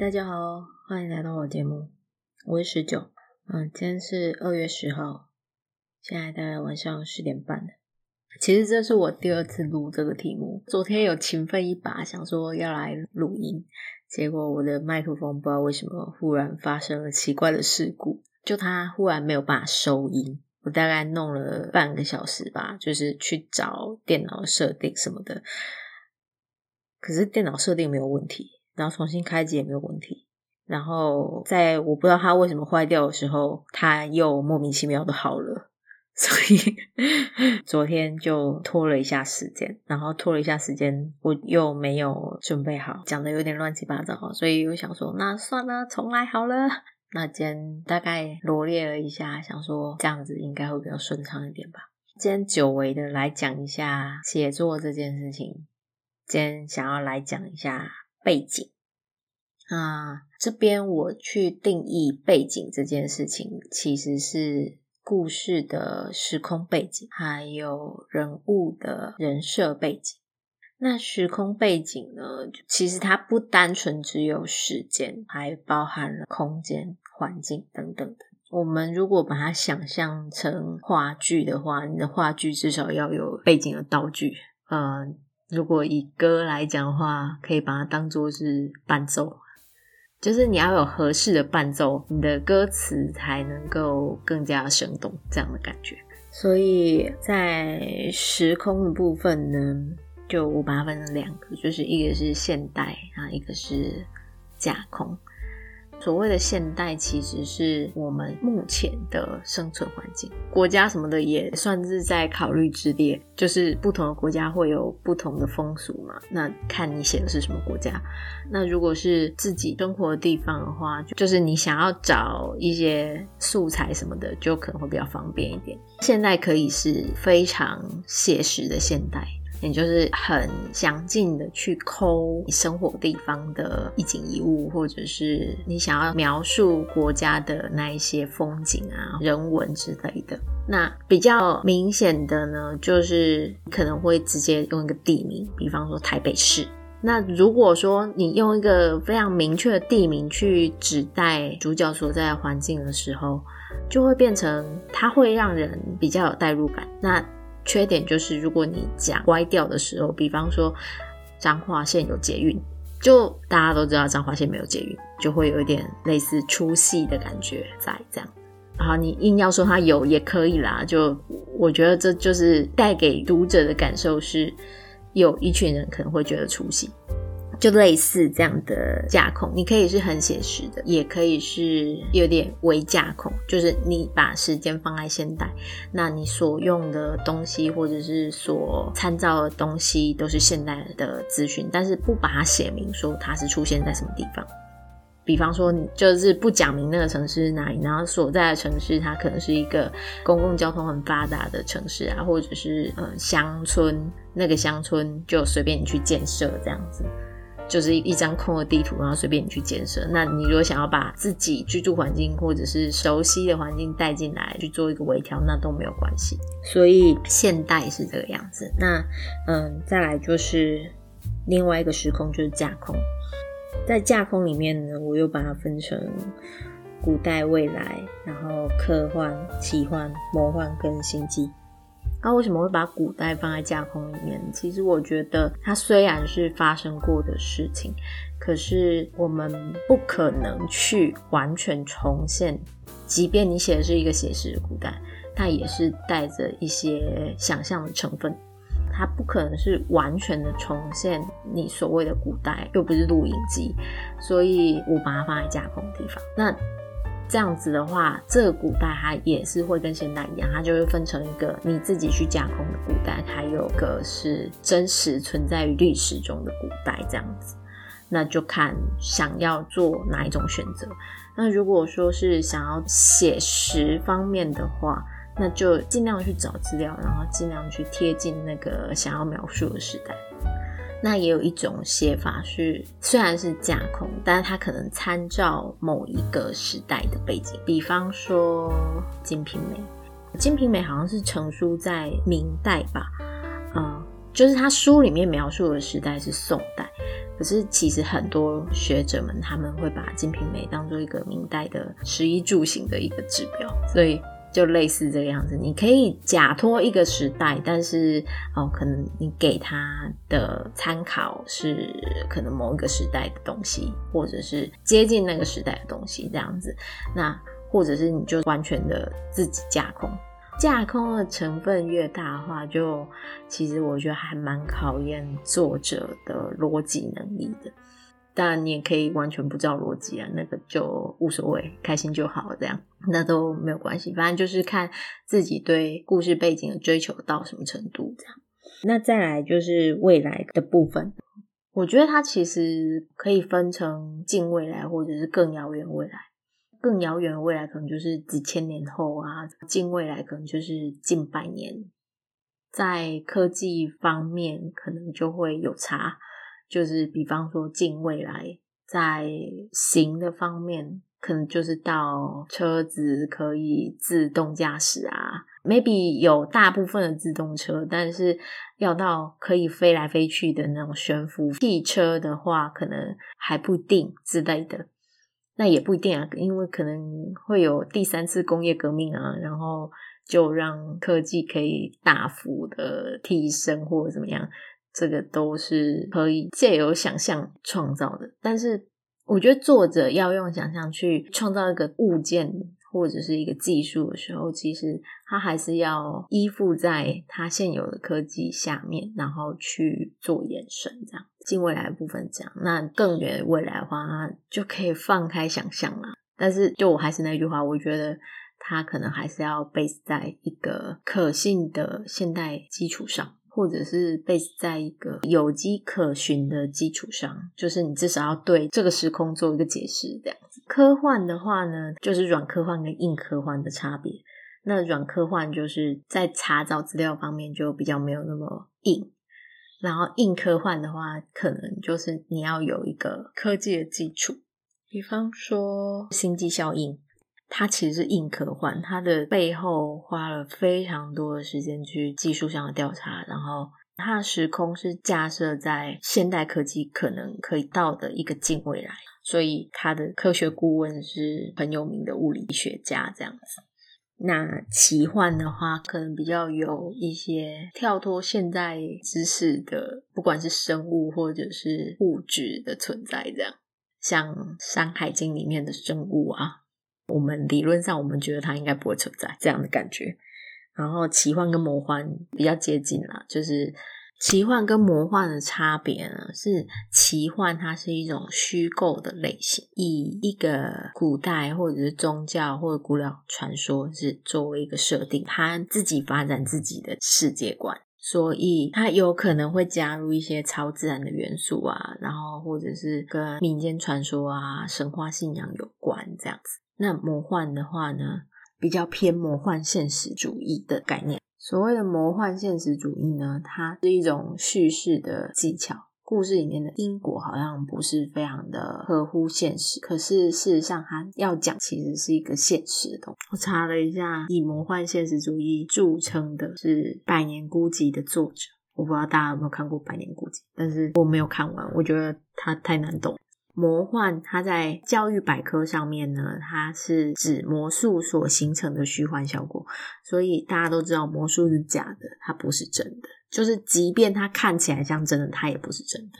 大家好，歡迎來到我的節目，我是十九。嗯，今天是二月十號，現在大概晚上十點半了。其實這是我第二次錄這個題目，昨天有勤奮一把，想說要來錄音，結果我的麥克風不知道為什麼忽然發生了奇怪的事故，就它忽然沒有辦法收音。我大概弄了半個小時吧，就是去找電腦設定什麼的，可是電腦設定沒有問題。然後重新開機也沒有問題。然後在我不知道它為什麼壞掉的時候，它又莫名其妙的好了。所以 昨天就拖了一下時間，然後拖了一下時間，我又沒有準備好，講的有點亂七八糟。所以我想說，那算了，重來好了。那今天大概羅列了一下，想說這樣子應該會比較順暢一點吧。今天久違的來講一下寫作這件事情。今天想要來講一下背景。啊、嗯，這邊我去定義背景這件事情，其實是故事的時空背景，還有人物的人設背景。那時空背景呢，其實它不單純只有時間，還包含了空間、環境等等的。我們如果把它想象成話劇的話，你的話劇至少要有背景的道具。呃、嗯，如果以歌來講的話，可以把它當做是伴奏。就是你要有合適的伴奏，你的歌詞才能夠更加生動，這樣的感覺。所以在時空的部分呢，就我把它分成兩個，就是一個是現代，啊，一個是架空。所謂的現代，其實是我們目前的生存環境，國家什麼的也算是在考慮之列。就是不同的國家會有不同的風俗嘛，那看你寫的是什麼國家。那如果是自己生活的地方的話，就是你想要找一些素材什麼的，就可能會比較方便一點。現代可以是非常寫實的現代。你就是很詳盡的去摳你生活地方的一景一物，或者是你想要描述國家的那一些風景啊、人文之類的。那比較明顯的呢，就是可能會直接用一個地名，比方說台北市。那如果說你用一個非常明確的地名去指代主角所在的環境的時候，就會變成它會讓人比較有代入感。那缺點就是，如果你講歪掉的時候，比方說彰化縣有捷運，就大家都知道彰化縣沒有捷運，就會有一點類似出戲的感覺在這樣。然後你硬要說它有也可以啦，就我覺得這就是帶給讀者的感受是，有一群人可能會覺得出戲。就類似這樣的架空，你可以是很寫實的，也可以是有點微架空，就是你把時間放在現代，那你所用的東西或者是所參照的東西都是現代的資訊，但是不把它寫明說它是出現在什麼地方。比方說，就是不講明那個城市是哪裡，然後所在的城市它可能是一個公共交通很發達的城市啊，或者是，呃，鄉村，那個鄉村就隨便你去建設這樣子。就是一張空的地圖，然後隨便你去建設。那你如果想要把自己居住環境或者是熟悉的環境帶進來去做一個微調，那都沒有關係。所以現代是這個樣子。那嗯，再來就是另外一個時空就是架空，在架空裡面呢，我又把它分成古代、未來，然後科幻、奇幻、魔幻跟星際。那為什麼會把古代放在架空裡面？其實我覺得，它雖然是發生過的事情，可是我們不可能去完全重現。即便你寫的是一個寫實的古代，它也是帶着一些想象的成分，它不可能是完全的重現你所謂的古代，又不是錄影機，所以我把它放在架空的地方。那。這樣子的話，這個古代它也是會跟現代一樣，它就會分成一個你自己去架空的古代，還有個是真實存在於歷史中的古代，這樣子，那就看想要做哪一種選擇。那如果說是想要寫實方面的話，那就盡量去找資料，然後盡量去貼近那個想要描述的時代。那也有一種寫法是，雖然是架空，但是他可能參照某一個時代的背景，比方說金《金瓶梅》，《金瓶梅》好像是成書在明代吧，嗯、呃，就是它書裡面描述的時代是宋代，可是其實很多學者們他們會把《金瓶梅》當做一個明代的食衣住行的一個指標，所以。就類似這個樣子，你可以假托一個時代，但是哦，可能你給他的參考是可能某一個時代的東西，或者是接近那個時代的東西這樣子。那或者是你就完全的自己架空，架空的成分越大的話，就其實我覺得還蠻考驗作者的邏輯能力的。但你也可以完全不照邏輯啊，那個就無所謂，開心就好，這樣那都沒有關係。反正就是看自己對故事背景的追求到什麼程度，這樣。那再來就是未來的部分，我覺得它其實可以分成近未來或者是更遙遠未來。更遙遠的未來可能就是幾千年後啊，近未來可能就是近百年，在科技方面可能就會有差。就是，比方說，近未來在行的方面，可能就是到車子可以自動駕駛啊，maybe 有大部分的自動車，但是要到可以飛來飛去的那種懸浮汽車的話，可能還不定之類的。那也不一定啊，因為可能會有第三次工業革命啊，然後就讓科技可以大幅的提升，或者怎麼樣。這個都是可以借由想象創造的，但是我覺得作者要用想象去創造一個物件或者是一個技術的時候，其實他還是要依附在他現有的科技下面，然後去做延伸，這樣近未來的部分這樣。那更遠未來的話，就可以放開想象了。但是就我還是那句話，我覺得他可能還是要 base 在一個可信的現代基礎上。或者是被在一個有跡可循的基礎上，就是你至少要對這個時空做一個解釋，這樣子。科幻的話呢，就是軟科幻跟硬科幻的差別。那軟科幻就是在查找資料方面就比較沒有那麼硬，然後硬科幻的話，可能就是你要有一個科技的基礎，比方說星際效應。它其實是硬科幻，它的背後花了非常多的時間去技術上的調查，然後它的時空是架設在現代科技可能可以到的一個近未來，所以它的科學顧問是很有名的物理學家這樣子。那奇幻的話，可能比較有一些跳脫現代知識的，不管是生物或者是物質的存在，這樣像《山海經》裡面的生物啊。我們理論上，我們覺得它應該不會存在這樣的感覺。然後，奇幻跟魔幻比較接近啦。就是奇幻跟魔幻的差別呢，是奇幻它是一種虛構的類型，以一個古代或者是宗教或者古老傳說是作為一個設定，它自己發展自己的世界觀，所以它有可能會加入一些超自然的元素啊，然後或者是跟民間傳說啊、神話信仰有關這樣子。那魔幻的話呢，比較偏魔幻現實主義的概念。所謂的魔幻現實主義呢，它是一種敘事的技巧，故事裡面的因果好像不是非常的合乎現實，可是事實上它要講其實是一個現實的東西。我查了一下，以魔幻現實主義著稱的是《百年孤寂》的作者，我不知道大家有沒有看過《百年孤寂》，但是我沒有看完，我覺得它太難懂。魔幻，它在教育百科上面呢，它是指魔術所形成的虛幻效果。所以大家都知道魔術是假的，它不是真的。就是即便它看起來像真的，它也不是真的。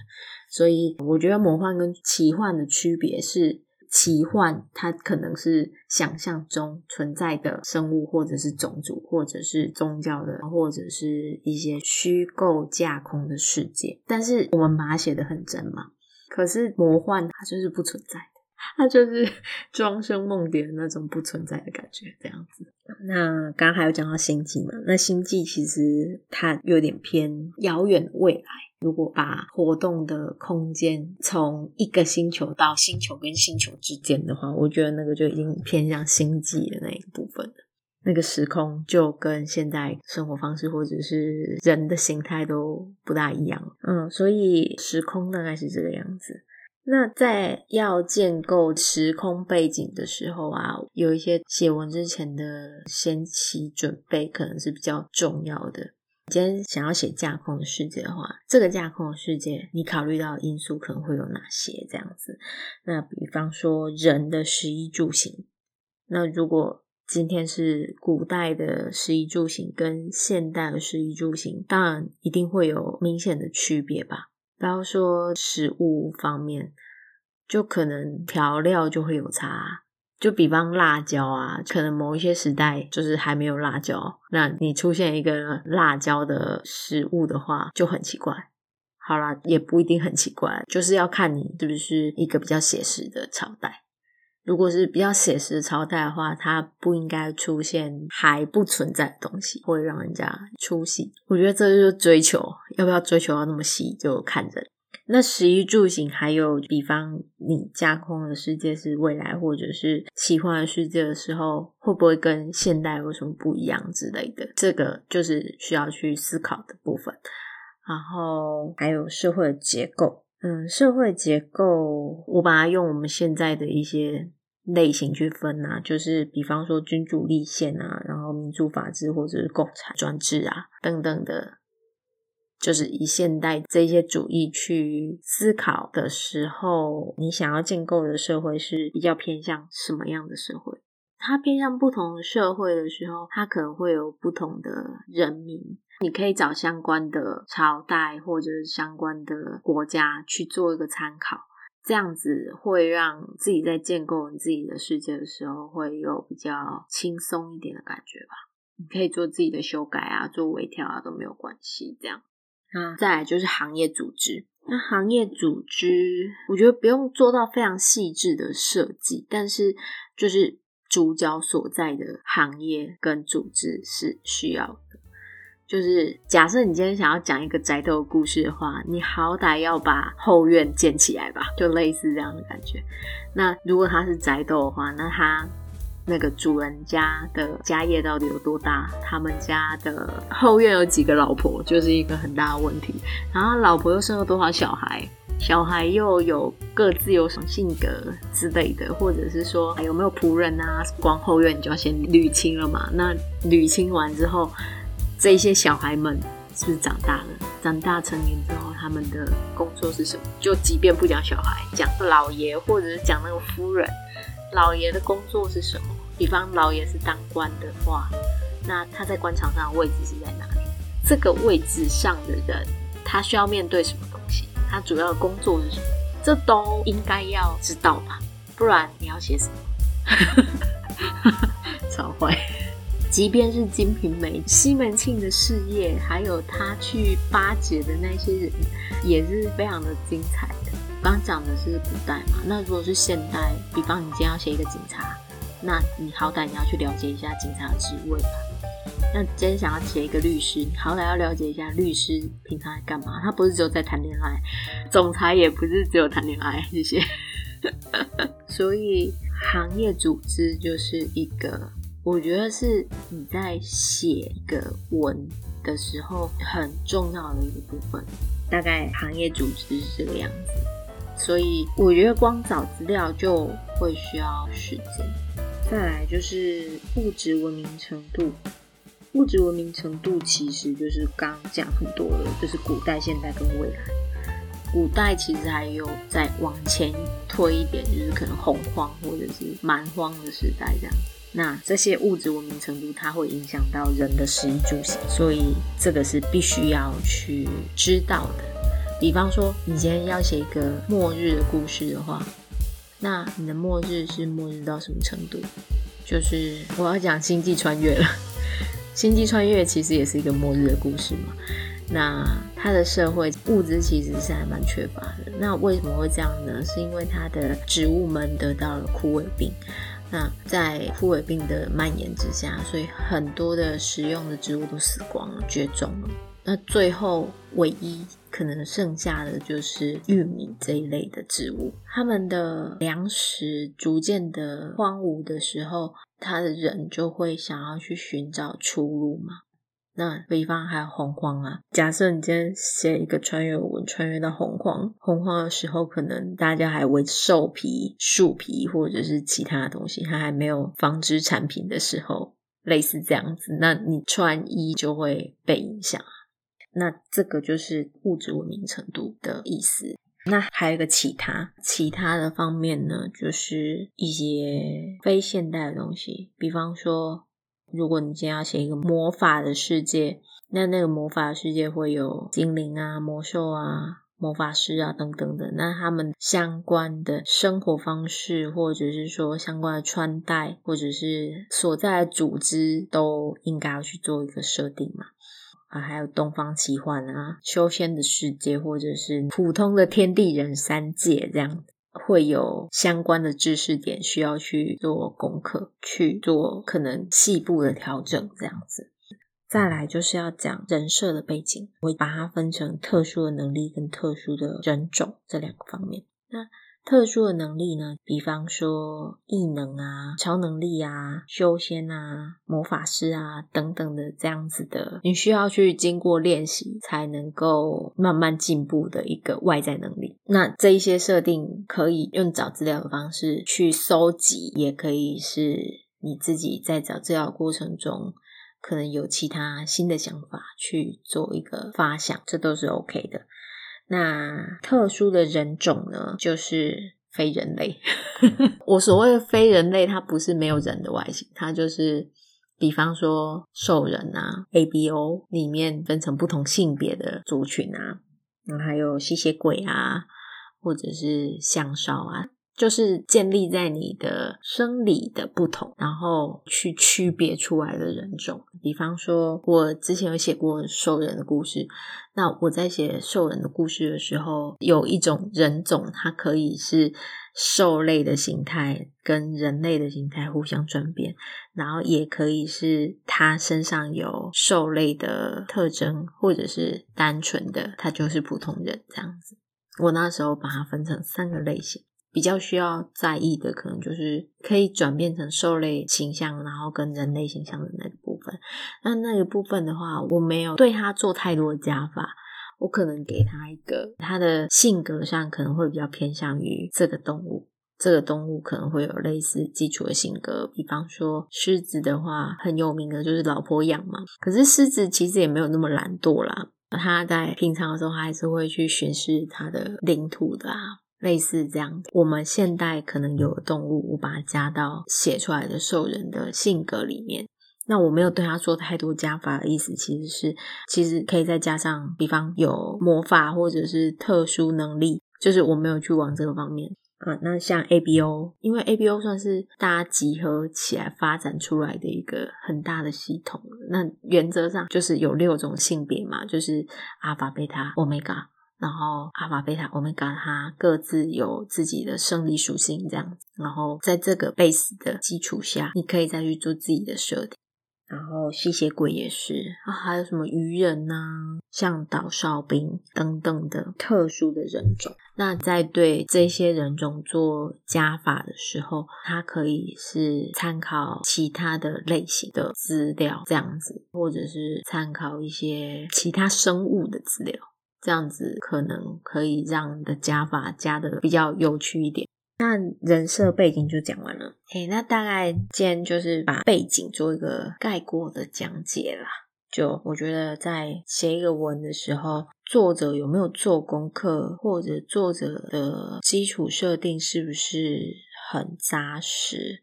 所以我覺得魔幻跟奇幻的區別是，奇幻它可能是想象中存在的生物，或者是種族，或者是宗教的，或者是一些虛構架空的世界。但是我們把它寫得很真嘛。可是魔幻，它就是不存在的，它就是莊生夢蝶那種不存在的感覺，這樣子。那剛剛還有講到星際嘛，那星際其實它有點偏遙遠的未來。如果把活動的空間從一個星球到星球跟星球之間的話，我覺得那個就已經偏向星際的那一部分了。那個時空就跟現在生活方式或者是人的形態都不大一樣，嗯，所以時空大概是這個樣子。那在要建構時空背景的時候啊，有一些寫文之前的先期準備可能是比較重要的。今天想要寫架空的世界的話，這個架空的世界你考慮到的因素可能會有哪些？這樣子，那比方說人的食衣住行，那如果。今天是古代的食衣住行跟現代的食衣住行，當然一定會有明顯的區別吧。不要說食物方面，就可能調料就會有差啊。就比方辣椒啊，可能某一些時代就是還沒有辣椒，那你出現一個辣椒的食物的話，就很奇怪。好啦，也不一定很奇怪，就是要看你是不是一個比較寫實的朝代。如果是比較寫實的朝代的話，它不應該出現還不存在的東西，會讓人家出戲。我覺得這就是追求，要不要追求到那麼細，就看着。那食衣住行，還有比方你架空的世界是未來或者是奇幻的世界的時候，會不會跟現代有什麼不一樣之類的？這個就是需要去思考的部分。然後還有社會的結構。嗯，社會結構，我把它用我們現在的一些類型去分啊，就是比方說君主立憲啊，然後民主法治或者是共產專制啊，等等的，就是以現代這些主義去思考的時候，你想要建構的社會是比較偏向什麼樣的社會？它偏向不同的社會的時候，它可能會有不同的人民。你可以找相關的朝代或者是相關的國家去做一個參考，這樣子會讓自己在建構你自己的世界的時候會有比較輕鬆一點的感覺吧。你可以做自己的修改啊，做微調啊都沒有關係。這樣啊，再來就是行業組織。那行業組織，我覺得不用做到非常細緻的設計，但是就是。主角所在的行業跟組織是需要的，就是假設你今天想要講一個宅鬥的故事的話，你好歹要把後院建起來吧，就類似這樣的感覺。那如果他是宅鬥的話，那他。那個主人家的家業到底有多大？他們家的後院有幾個老婆，就是一個很大的問題。然後老婆又生了多少小孩？小孩又有各自有什麼性格之類的，或者是說，啊，有沒有僕人啊？光後院你就要先捋清了嘛。那捋清完之後，這些小孩們是不是長大了？長大成年之後，他們的工作是什麼？就即便不講小孩，講老爺或者是講那個夫人，老爺的工作是什麼？比方老爺是當官的話，那他在官場上的位置是在哪裡？這個位置上的人，他需要面對什麼東西？他主要的工作是什麼？這都應該要知道吧？不然你要寫什麼？ 超壞！ 即便是《金瓶梅》，西門慶的事業，還有他去巴結的那些人，也是非常的精彩的。剛講的是古代嘛，那如果是現代，比方你今天要寫一個警察。那你好歹你要去了解一下警察的職位吧。那今天想要寫一個律師，你好歹要了解一下律師平常在幹嘛。他不是只有在談戀愛，總裁也不是只有談戀愛這些。 所以行業組織就是一個，我覺得是你在寫一個文的時候很重要的一個部分。大概行業組織是這個樣子，所以我覺得光找資料就會需要時間。再來就是物質文明程度，物質文明程度其實就是剛講很多的，就是古代、現代跟未來。古代其實還有再往前推一點，就是可能洪荒或者是蠻荒的時代這樣。那這些物質文明程度，它會影響到人的食衣住行，所以這個是必須要去知道的。比方說，你今天要寫一個末日的故事的話。那你的末日是末日到什麼程度？就是我要講《星際穿越》了， 《星際穿越》其實也是一個末日的故事嘛。那它的社會物資其實是還蠻缺乏的。那為什麼會這樣呢？是因為它的植物們得到了枯萎病。那在枯萎病的蔓延之下，所以很多的食用的植物都死光了，絕種了。那最後唯一可能剩下的就是玉米這一類的植物。他們的糧食逐漸的荒蕪的時候，他的人就會想要去尋找出路嘛。那比方還有洪荒啊。假設你今天寫一個穿越文，穿越到洪荒，洪荒的時候，可能大家還為獸皮、樹皮或者是其他的東西，它還沒有紡織產品的時候，類似這樣子，那你穿衣就會被影響。那這個就是物質文明程度的意思。那還有一個其他，其他的方面呢，就是一些非現代的東西。比方說，如果你今天要寫一個魔法的世界，那那個魔法世界會有精靈啊、魔獸啊、魔法師啊等等的，那他們相關的生活方式，或者是說相關的穿戴，或者是所在的組織，都應該要去做一個設定嘛。啊、還有東方奇幻啊，修仙的世界，或者是普通的天地人三界，這樣會有相關的知識點需要去做功課，去做可能細部的調整，這樣子。再來就是要講人設的背景，我會把它分成特殊的能力跟特殊的人種，這兩個方面。那特殊的能力呢，比方說異能啊、超能力啊、修仙啊、魔法師啊等等的這樣子的，你需要去經過練習才能夠慢慢進步的一個外在能力。那這一些設定可以用找資料的方式去蒐集，也可以是你自己在找資料的過程中可能有其他新的想法去做一個發想，這都是 OK 的。那特殊的人種呢，就是非人類。 我所謂的非人類，它不是沒有人的外形，它就是，比方說獸人啊，ABO 裡面分成不同性別的族群啊、嗯，還有吸血鬼啊，或者是香少啊。就是建立在你的生理的不同，然後去區別出來的人種。比方說，我之前有寫過獸人的故事。那我在寫獸人的故事的時候，有一種人種，它可以是獸類的形態跟人類的形態互相轉變，然後也可以是它身上有獸類的特徵，或者是單純的，它就是普通人，這樣子。我那時候把它分成三個類型。比較需要在意的，可能就是可以轉變成獸類形象，然後跟人類形象的那個部分。那那個部分的話，我沒有對他做太多的加法。我可能給他一個。他的性格上可能會比較偏向於這個動物。這個動物可能會有類似基礎的性格，比方說獅子的話，很有名的就是“老婆養”嘛。可是獅子其實也沒有那麼懶惰啦。他在平常的時候他還是會去巡視他的領土的啊。類似這樣，我們現代可能有的動物，我把它加到寫出來的獸人的性格裡面。那我沒有對它做太多加法的意思，其實是其實可以再加上，比方有魔法或者是特殊能力，就是我沒有去往這個方面啊、嗯。那像 ABO，因為 ABO 算是大家集合起來發展出來的一個很大的系統。那原則上就是有六種性別嘛，就是阿法、貝塔、歐米伽。然後阿爾法貝塔、歐米伽，它各自有自己的生理屬性，這樣子。然後在這個 base 的基礎下，你可以再去做自己的設定。然後吸血鬼也是啊、哦，還有什麼魚人吶、啊、嚮導、哨兵等等的特殊的人種。那在對這些人種做加法的時候，它可以是參考其他的類型的資料，這樣子，或者是參考一些其他生物的資料。這樣子可能可以讓你的加法加的比較有趣一點。那人設背景就講完了。誒、欸、那大概今天就是把背景做一個概括的講解啦。就我覺得在寫一個文的時候，作者有沒有做功課，或者作者的基礎設定是不是很扎實，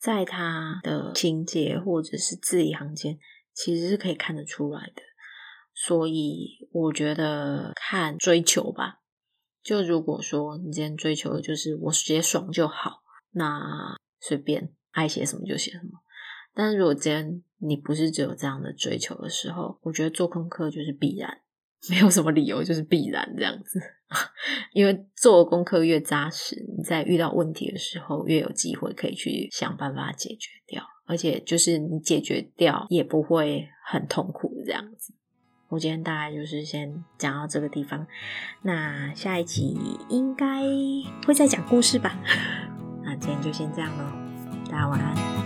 在他的情節或者是字裡行間，其實是可以看得出來的。所以我覺得看追求吧，就如果說你今天追求的就是我直接爽就好，那隨便愛寫什麼就寫什麼。但是如果今天你不是只有這樣的追求的時候，我覺得做功課就是必然，沒有什麼理由就是必然這樣子。因為做功課越紮實，你在遇到問題的時候越有機會可以去想辦法解決掉，而且就是你解決掉也不會很痛苦這樣子。我今天大概就是先講到這個地方，那下一集應該會再講故事吧。那今天就先這樣咯，大家晚安。